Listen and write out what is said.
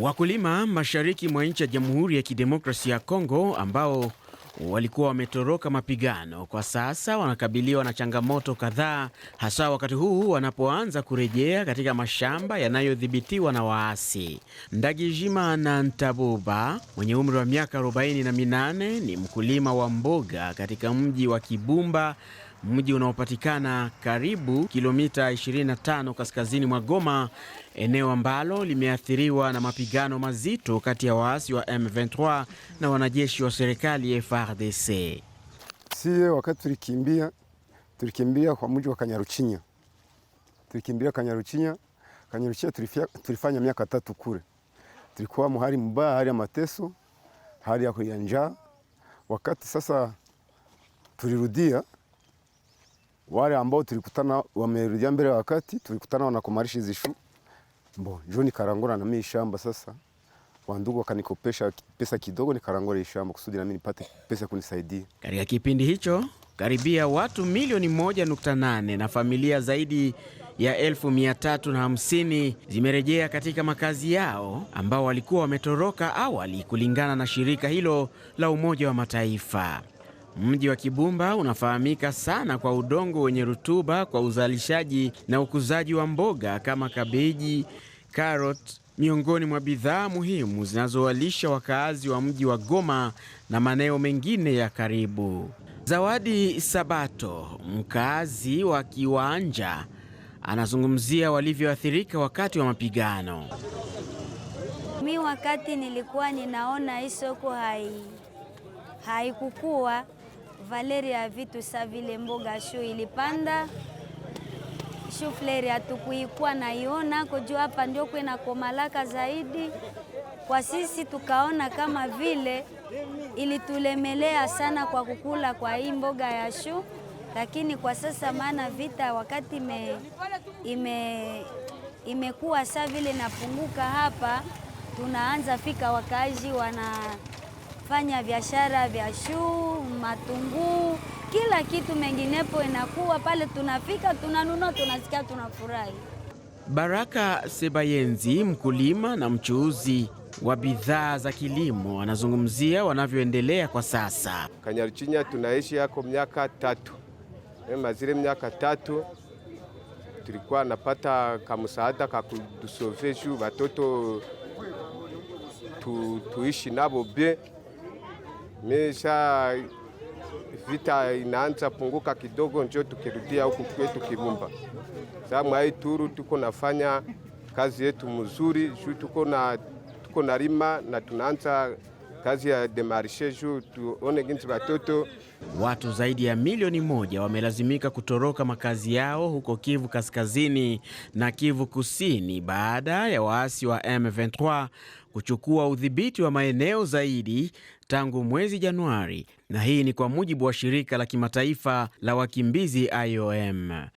Wakulima mashariki mwa nchi ya Jamhuri ya Kidemokrasia ya Kongo ambao walikuwa wametoroka mapigano kwa sasa wanakabiliwa na changamoto kadhaa, hasa wakati huu wanapoanza kurejea katika mashamba yanayodhibitiwa na waasi. na Ntabuba mwenye umri wa miaka 48 ni mkulima wa mboga katika mji wa Kibumba mji unaopatikana karibu kilomita 25 kaskazini mwa Goma, eneo ambalo limeathiriwa na mapigano mazito kati ya waasi wa M23 na wanajeshi wa serikali frdc Sie wakati tulikimbia, tulikimbia kwa mji wa Kanyaruchinya, tulikimbia Kanyaruchinya. Kanyaruchinya tulifanya miaka tatu kule, tulikuwa muhali mbaya, hali ya mateso, hali ya njaa. Wakati sasa tulirudia wale ambao tulikutana wamerudia mbele ya wakati, tulikutana wanakomarisha hizi shu mbo, njoo nikarangura na mimi shamba sasa. Wandugu wakanikopesha pesa kidogo, nikarangura hii shamba kusudi na mimi nipate pesa kunisaidia. Katika kipindi hicho karibia watu milioni 1.8 na familia zaidi ya elfu mia tatu na hamsini zimerejea katika makazi yao ambao walikuwa wametoroka awali kulingana na shirika hilo la Umoja wa Mataifa. Mji wa Kibumba unafahamika sana kwa udongo wenye rutuba kwa uzalishaji na ukuzaji wa mboga kama kabeji, karot, miongoni mwa bidhaa muhimu zinazowalisha wakaazi wa mji wa Goma na maeneo mengine ya karibu. Zawadi Sabato, mkaazi wa Kiwanja, anazungumzia walivyoathirika wakati wa mapigano. Mi wakati nilikuwa ninaona hii soko hai haikukua valeri ya vitu sa vile mboga shu ilipanda shufleri hatukuikuwa naiona koju hapa ndio kwena komalaka zaidi kwa sisi, tukaona kama vile ilitulemelea sana kwa kukula kwa hii mboga ya shu, lakini kwa sasa maana vita wakati ime, ime, imekuwa saa vile napunguka hapa, tunaanza fika wakaaji wana tunafanya biashara vya shuu, matunguu, kila kitu menginepo inakuwa pale. Tunafika tunanunua, tunasikia, tunafurahi. Baraka Sebayenzi, mkulima na mchuuzi wa bidhaa za kilimo, anazungumzia wanavyoendelea kwa sasa. Kanyaruchinya tunaishi yako miaka tatu, mazile miaka tatu tulikuwa napata kamusaada kakudusove juu watoto tu, tuishi nabo bie mesha vita inaanza punguka kidogo, njo tukirudia huku kwetu Kibumba. Sa mwai turu tuko nafanya kazi yetu mzuri juu tuko na tuko na rima na tunaanza kazi ya demarisheju tuone ginsi watoto. Watu zaidi ya milioni moja wamelazimika kutoroka makazi yao huko Kivu Kaskazini na Kivu Kusini baada ya waasi wa M23 kuchukua udhibiti wa maeneo zaidi tangu mwezi Januari, na hii ni kwa mujibu wa shirika la kimataifa la wakimbizi IOM.